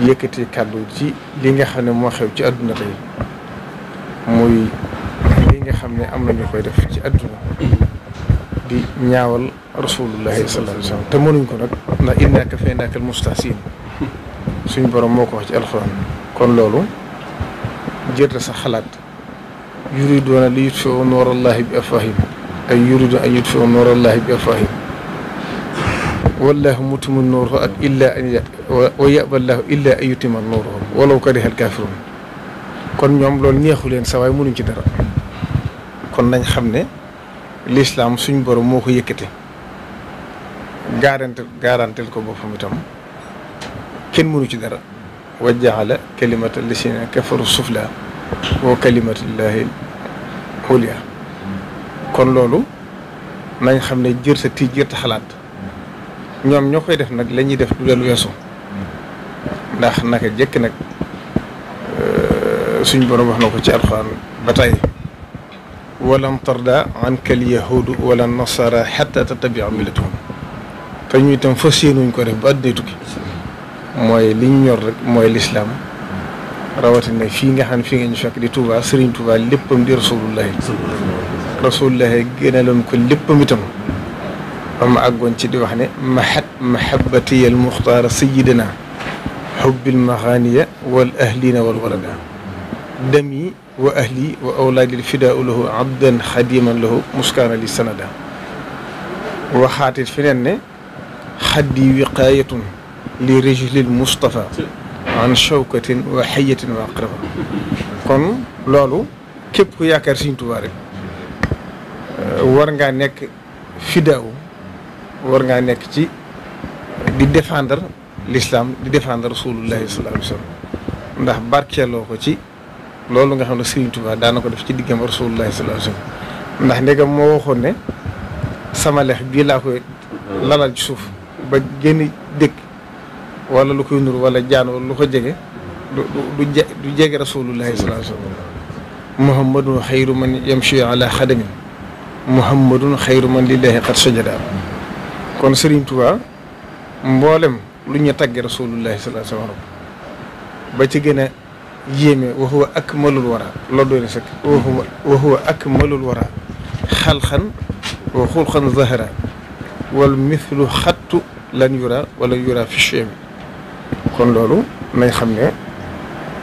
yëkkati kàddu ci li nga xam ne moo xew ci àdduna tey muy li nga xam ne am na ñu koy def ci àdduna di ñaawal rasulullahi sallallahu alayhi wa sallam te mënuñ ko nag ndax innaaka fay naakal mustahsin suñ borom moo ko wax ci alxuraan kon loolu jërta sa xalaat yuriduuna li yutfiu noor allahi bi afwahim ay yuridu an yutfiu noor allahi bi afwahim wallaahu mutimmu nuurihi ak illaa an ya wa yaba llaahu illaa an yutimma nuurahu walaw kariha l-kaafiruun kon ñoom lool neexu leen sa waay mënuñ ci dara kon nañ xam ne lislaam suñ boro moo ko yëkkati garantel garantel ko boppam itam kenn mënu ci dara wa jaala kalimata lasina kafaru sufla wa kalimatullaahi l kon loolu nañ xam ne jër sa tii xalaat ñoom ñoo koy def nag la ñuy def du leen weesu ndax naka jëkk nag euh, suñ borom wax na ko ci alxuraan ba tey walan tarda anka al yahudu wala nasara xata tatabia millatahum te ñu itam fas yéenuñ ko def ba àddina tukki mooy li ñu ñor rek mooy lislaam rawatina fii nga xam ne fii nga ñu fekk di Touba Serigne Touba léppam di rasulullahi rasulullahi gënaloon ko léppam itam ba ma àggoon ci di wax ne mahat mahabatiyal muxtaara sayidina xubbil maxaaniya wal ahlina wal walada dami wa ahli wa awlaadil fidaau lahu abdan xadiman lahu muskaana li sanada waxaatit fi neen ne xaddi wiqaayatun li rijlil mustafa an shawkatin wa xayatin wa aqrafa kon loolu képp ku yaakaar Sëriñ Tuubaa rek war ngaa nekk fidaaw war ngaa nekk ci di défendre l'islam di défendre rasulullahi sallallahu alayhi wa sallam ndax barkeeloo ko ci loolu nga xam ne Serigne Touba daan ko def ci diggam rasulullahi sallallahu alayhi wa ndax ndegam moo waxoon ne sama lex bii laa koy lalal ci suuf ba génn dëkk wala lu koy nur wala jaan wala lu ko jege du du du jege rasulullahi sallallahu alayhi wa sallam muhammadun xayru man yamshi ala xadamin muhammadun xayru man lillahi qad sajada kon Serigne Touba mboolem lu ñu tagge rasulullahi sallallahu alayhi wa sallam ba ci gën a yéeme wa huwa akmalul wara wara xalxan wa xulxan zahara wal mithlu xattu lan yura wala yura fi chemi kon loolu nañ xam ne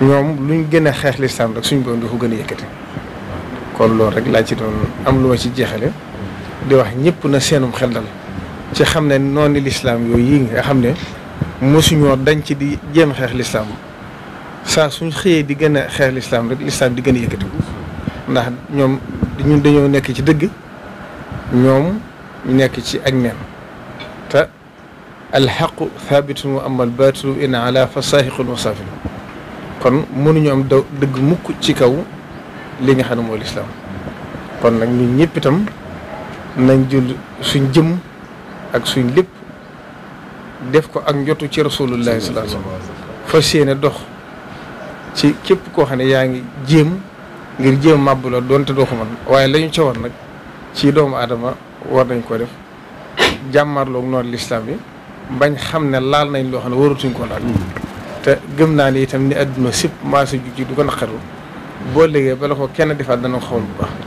ñoom luñ gën a xeex lislaam rek suñ boon di ko gën a yëkkati kon loolu rek laa ci doon am lu ma ci jeexale di wax ñëpp na seenum xel dal ci xam ne noonu lislaam yooyu yi nga xam ne mosuñoo dañ ci di jéem xeex lislaam saa suñ xëyee di gën a xeex lislaam rek lislaam di gën a yëkkati ndax ñoom ñun dañoo nekk ci dëgg ñoom nekk ci ak neen te alxaqu thabitun wa amal baatilu in ala fa saahiqun wa saafin kon mënuñu am dëgg mukk ci kaw li nga xam ne mooy lislaam kon nag ñun ñëpp nañ jël suñ jëm ak suñ lépp def ko ak njotu ci rasulullahi sallallahu alayhi wa fas yéene dox ci képp koo xam ne yaa ngi jéem ngir jéem màbb la doonte doo ko man waaye lañu ñu ca war nag ci doomu aadama war nañ ko def jàmmaarlook noonu lislaam yi bañ xam ne laal nañ loo xam ne waratuñ ko laal te gëm naa ni itam ni àdduna sëpp maasa ju ci du ko naqaru boo léegi bala ko kenn defaat dana ko xawal bu baax